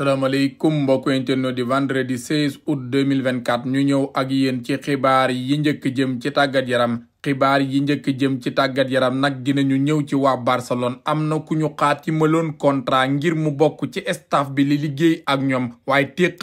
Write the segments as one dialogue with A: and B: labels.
A: salaamaaleykum mbokku internet di vendredi 16 août 2024 ñu ñëw ak yéen ci xibaar yi njëkk jëm ci tàggat yaram xibaar yi njëkk jëm ci tàggat yaram nag dinañu ñëw ci waa Barcelone am na ku ñu xaatimaloon contrat ngir mu bokk ci staff bi li liggéey ak ñoom waaye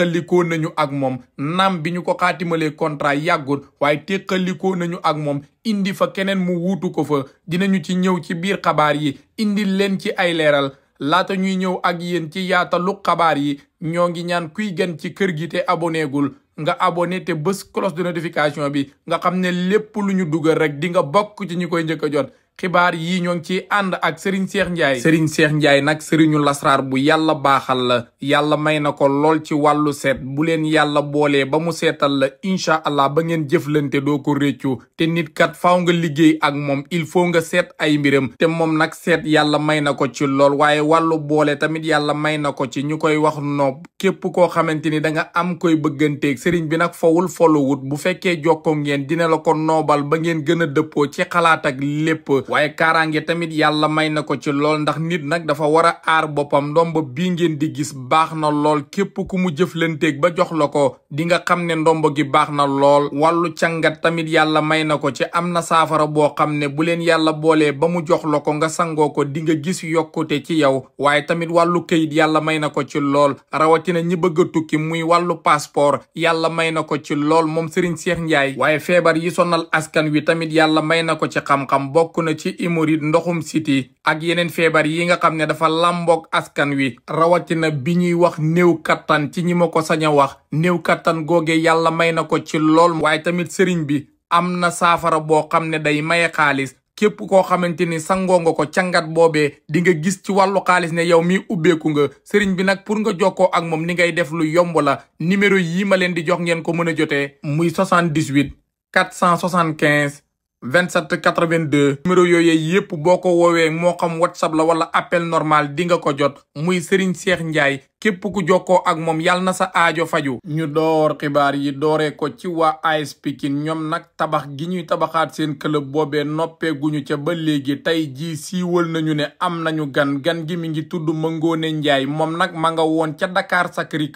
A: na ñu ak moom naam bi ñu ko xaatimalee contrat yàggut waaye téqalikoo nañu ak moom indi fa keneen mu wuutu ko fa dinañu ci ñëw ci biir xabaar yi indi leen ci ay leeral laata ñuy ñëw ak yéen ci yaatalu xabaar yi ñoo ngi ñaan kuy gën ci kër gi te abonégul nga abonné te bés cloche de notification bi nga xam ne lépp lu ñu dugal rek di nga bokk ci ñi koy njëkk a jot xibaar yii ñoo ngi ci ànd ak Serigne Cheikh Ndiaye Serigne Cheikh Ndiaye nag Serigne lasraar bu yàlla baaxal la yàlla may na ko lool ci wàllu seet bu leen yàlla boolee ba mu seetal la incha allah ba ngeen jëflante doo ko réccu te nit kat faw nga liggéey ak moom il faut nga seet ay mbiram te moom nag seet yàlla may na ko ci lool waaye wàllu boole tamit yàlla may na ko ci ñu koy wax noob képp koo xamante ni da nga am koy bëgganteeg Serigne bi nag fawul folowut bu fekkee jokkoo ngeen dina la ko noobal ba ngeen gën a dëppoo ci xalaat ak lépp waaye kaaraange tamit yàlla may na ko ci lool ndax nit nag dafa war a aar boppam ndomba bii ngeen di gis baax na lool képp ku mu jëflanteeg ba jox la ko di nga xam ne ndomba gi baax na lool wàllu càngat tamit yàlla may na ko ci am na saafara boo xam ne bu leen yàlla boolee ba mu jox la ko nga sangoo ko di nga gis yokkute ci yow waaye tamit wàllu këyit yàlla may na ko ci lool rawatina ñi bëgg a tukki muy wàllu passeport yàlla may na ko ci lool moom Serigne Cheikh Ndiaye waaye feebar yi askan wi tamit yàlla may na ko ci xam bokk na ci hémorroïde ndoxum siti ak yeneen feebar yi nga xam ne dafa làmboog askan wi rawatina bi ñuy wax néew kattan ci ñi ma ko sañ a wax néew kattan googe yàlla may na ko ci lool waaye tamit sëriñ bi am na saafara boo xam ne day maye xaalis képp koo xamante ni sangoo nga ko cangat boobee di nga gis ci wàllu xaalis ne yow mi ubbeeku nga sëriñ bi nag pour nga jokkoo ak moom ni ngay def lu yomb la numéro yii ma leen di jox ngeen ko mën a jotee muy 78 475 27 82 numéro yooyee yépp boo ko woowee moo xam whatsapp la wala appel normal di nga ko jot muy Serigne Cheikh Ndiaye képp ku jokkoo ak moom yàlla na sa aajo faju ñu door xibaar yi dooree ko ci waa AS Pikine ñoom nag tabax gi ñuy tabaxaat seen club boobe noppeeguñu guñu ca ba léegi tey jii siiwal nañu ne am nañu gan gan gi mi ngi tudd Mangone Ndiaye moom nag ma woon ca Dakar sacré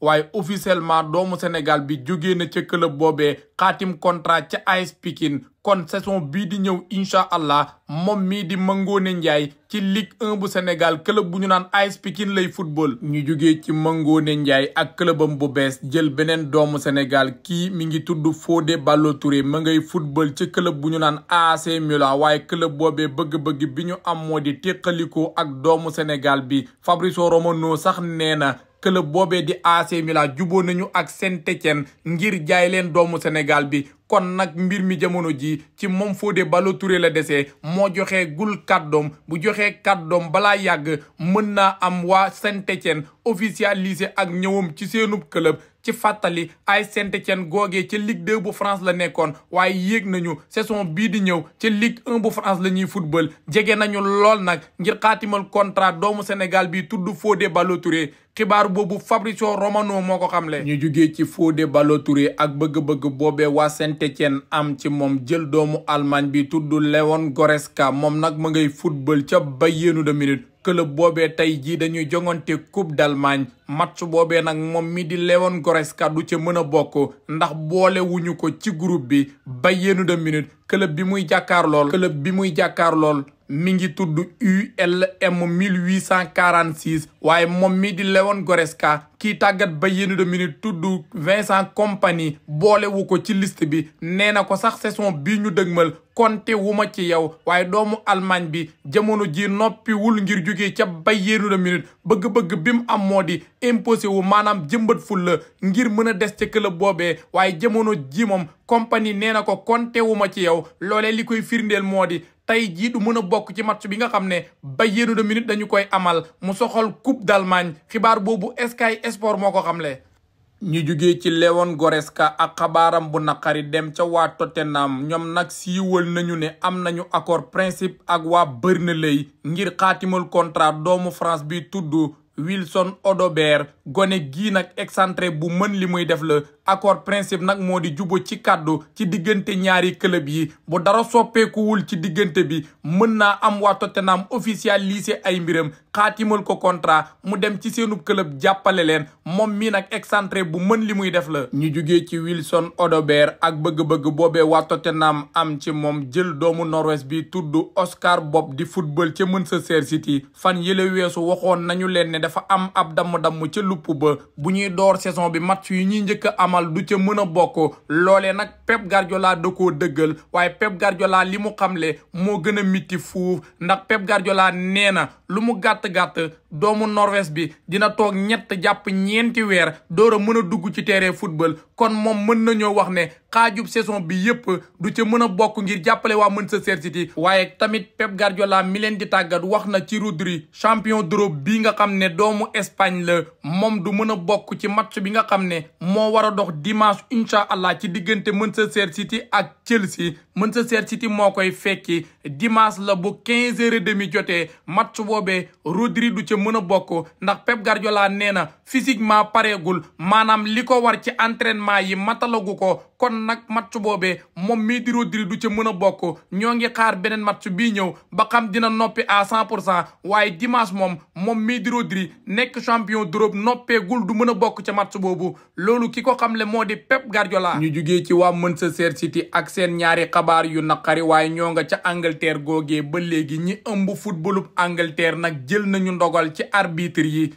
A: waaye officiellement doomu Sénégal bi jógee na ca club boobee xaatim contrat ca AS Pikine kon saison bii di ñëw incha allah moom mii di Mangone Ndiaye ci Ligue 1 bu Sénégal club bu ñu naan AS Pikine lay football. ñu jógee ci Mangone Ndiaye ak clubam bu bees jël beneen doomu Sénégal kii mi ngi tudd foode ballo ture ma ngay football ci club bu ñu naan AC Milan waaye club boobee bëgg-bëgg bi ñu am moo di teqalikoo ak doomu Sénégal bi Fabrizio Romano sax nee na. club boobee di AC Milan juboo nañu ak Saint-Étienne ngir jaay leen doomu Sénégal bi kon nag mbir mi jamono ji ci moom Fodé Ballo-Touré la desee moo joxee gul kàddoom bu joxee kàddoom balaa yàgg mën naa am waa Saint-Étienne officialisé ak ñëwam ci seenub club ci fàttali ay Saint-Étienne googee ci Ligue 2 bu France la nekkoon waaye yéeg nañu saison bii di ñëw ci Ligue 1 bu France la ñuy football jege nañu lool nag ngir xaatimal contrat doomu Sénégal bi tudd Fodé Ballo-Touré xibaar boobu Fabrizio Romano moo ko xamle ñu jugee ci Fodé Ballo-Touré ak bëgg-bëgg boobee waa Saint-Étienne am ci moom jël doomu Allemagne bi tudd Leon Goretzka moom nag mu ngay football ca Bayern de Munich club boobee tey jii dañuy jongante coupe d'Allemagne match boobee nag moom mi di Leon Goretzka du ca mën a bokk ndax boolewuñu ko ci group bi Bayern de Munich club bi muy jàkkaar lool club bi muy jàkkaar lool mi ngi tudd ULM 1846 waaye moom mi di Leon Goretzka kii tàggat ba yéen de minute tudd Vincent Kompany boolewu ko ci list bi nee na ko sax saison bii ñu dëgmal konte wu ma ci yow waaye doomu Allemagne bi jamono ji noppiwul ngir jógee ca Bayern de Munich bëgg-bëgg bi mu am moo di imposé wu maanaam jëmbat ful la ngir mën a des ca club boobee waaye jamono ji moom compagnie nee na ko konte wu ma ci yow loole li koy firndeel moo di tey jii du mën a bokk ci match bi nga xam ne Bayern de Munich dañu koy amal mu soxal coupe d'Allemagne xibaar boobu Sky Sport moo ko xamle. ñu jugee ci Leon Goretzka ak xabaaram bu naqari dem ca waa Tottenham ñoom nag siiwal nañu ne am nañu accord principe ak waa Burnley ngir xaatimal contrat doomu France bi tudd Wilson Odobert gone gii nag excentré bu mën li muy def la accord principe nag moo di jubo ci kàddu ci diggante ñaari club yi bu dara soppeekuwul ci diggante bi mën naa am waa Tottenham officialisé ay mbiram xaatimal ko contrat mu dem ci seenu club jàppale leen moom mii nag excentré bu mën li muy def la ñu jugee ci Wilson Odobert ak bëgg-bëgg boobee waa Tottenham am ci moom jël doomu Norvège bi tudd Oscar Bob di football ca Manchester City fan yële weesu waxoon nañu leen ne dafa am ab damm-damm groupe ba bu ñuy door saison bi match yi ñuy njëkk a amal du ca mën a bokk loolee nag Pep Guardiola da koo dëggal waaye Pep Guardiola li mu xamle moo gën a miti fuuf ndax Pep Guardiola nee na lu mu gàtt-gàtt doomu Norvège bi dina toog ñett jàpp ñeenti weer door a a dugg ci terrain football kon moom mën nañoo wax ne xaajub saison bi yépp du ca mën a bokk ngir jàppale waa Manchester City waaye tamit Pep Guardiola mi di tàggat wax na ci Rodri champion d'Europe bi nga xam ne doomu Espagne la moom du mën a bokk ci match bi nga xam ne moo war a dox dimanche incha allah ci diggante mën Manchester City ak Chelsea Manchester City moo koy fekki dimanche la bu 15 heures et demi jotee match boobee Rodri du mën na bokk ndax Pep Guardiola nee na physiquement pareegul maanaam li ko war ci entrainement yi matalagu ko kon nag match boobee moom mii di du ca mën a bokk ñoo ngi xaar beneen match bii ñëw ba xam dina noppi à cent pour cent waaye dimanche moom moom mii di nekk champion d'Europe noppeegul du mën a bokk ca match boobu loolu ki ko le moo di Pep Guardiola ñu jugee ci waa Manchester City ak seen ñaari xabaar yu naqari waaye ñoo nga ca Angleterre googee ba léegi ñi ëmb footballub Angleterre nag jël nañu ndogal ci arbitre yi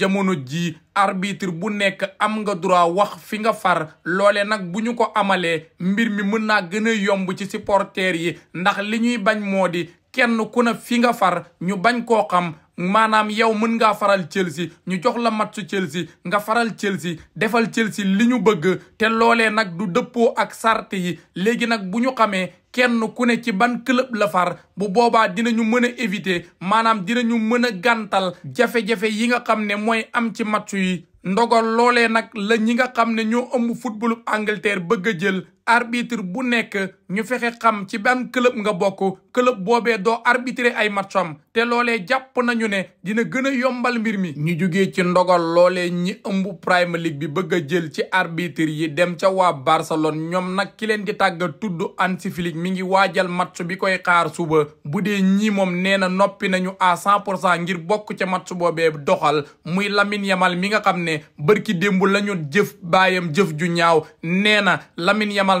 A: jamono ji arbitre bu nekk am nga droit wax fi nga far loole nag bu ñu ko amalee mbir mi mën naa gën a yomb ci supporters yi ndax li ñuy bañ moo di kenn ku ne fi nga far ñu bañ koo xam maanaam yow mën ngaa faral Chelsea ñu jox la matchu Chelsea nga faral Chelsea defal Chelsea li ñu bëgg te loolee nag du dëppoo ak sarti yi léegi nag bu ñu xamee kenn ku ne ci ban club la bu boobaa dinañu mën a éviter maanaam dinañu mën a gantal jafe-jafe yi nga xam ne mooy am ci match yi ndogal loolee nag la ñi nga xam ne ñoo ëmb footballu Angleterre bëgg a jël arbitre bu nekk ñu fexe xam ci ban club nga bokk club boobee doo arbitrer ay matcham te loolee jàpp nañu ne dina gën a yombal mbir mi. ñu jugee ci ndogal loole ñi ëmbu Premier League bi bëgg a jël ci arbitre yi dem ca waa Barcelone ñoom nag ki leen di tàggat tudd Hansi Flick mi ngi waajal match bi koy xaar suba bu dee ñii moom nee na noppi nañu à cent pour cent ngir bokk ca match boobee doxal muy Lamine Yamal mi nga xam ne bërki démb la jëf baayam jëf ju ñaaw nee na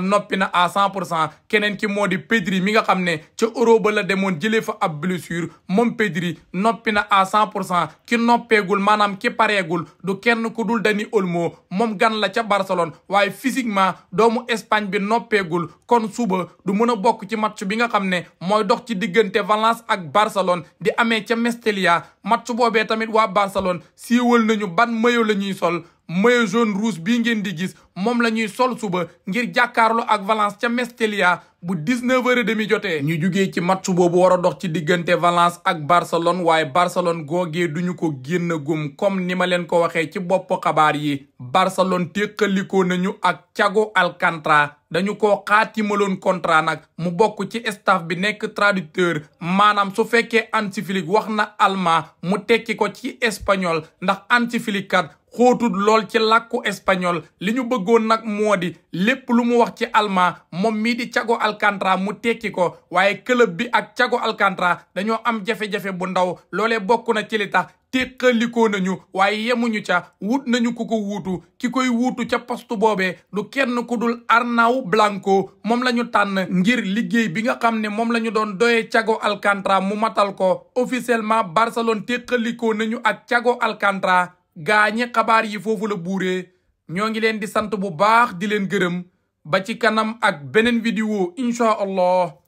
A: Arsenal noppi na à cent pur cent kenen ki moo di Pedri mi nga xam ne ca Europe ba la demoon jëlee fa ab blessure moom Pedri noppi na à cent pour cent ki noppeegul maanaam ki pareegul du kenn ku dul Dani Olmo moom gan la ca Barcelone waaye physiquement doomu Espagne bi noppeegul kon suba du mën a bokk ci match bi nga xam ne mooy dox ci diggante Valence ak Barcelone di amee ca Mestalla match boobee tamit waa Barcelone siiwal nañu ban mayo la ñuy sol mayo jaune rouge bii ngeen di gis moom la ñuy sol suba ngir jàkkaarloo ak Valence ca Mestalla bu 19 heures et demi jote ñu jugee ci match boobu war a dox ci diggante Valence ak Barcelone waaye Barcelone googee duñu ko génn gum comme ni ma leen ko waxee ci bopp xabaar yi Barcelone téqalikoo nañu ak Thiago Alcantara dañu ko maloon contrat nag mu bokk ci staff bi nekk traducteur maanaam su fekkee Hansi Flick wax na allemand mu tekki ko ci espagnol ndax Hansi Flick kat xóotul lool ci lakku espagnol li ñu bëggoon nag moo di lépp lu mu wax ci allemand moom mii di cago Alcantara mu tekki ko waaye club bi ak cago Alcantara dañoo am jafe-jafe bu ndaw loole bokk na ci li tax téqalikoo nañu waaye yemuñu ca wut nañu ku ko wuutu ki koy wuutu ca poste boobee du kenn ku dul Arnau Blanco moom la ñu tànn ngir liggéey bi nga xam ne moom la ñu doon doyee Thiago Alcantara mu matal ko officiellement Barcelone téqalikoo nañu ak cago Alcantara gaa gaañi xabaar yi foofu la buuree ñoo ngi leen di sant bu baax di leen gërëm ba ci kanam ak beneen vidéo incha allah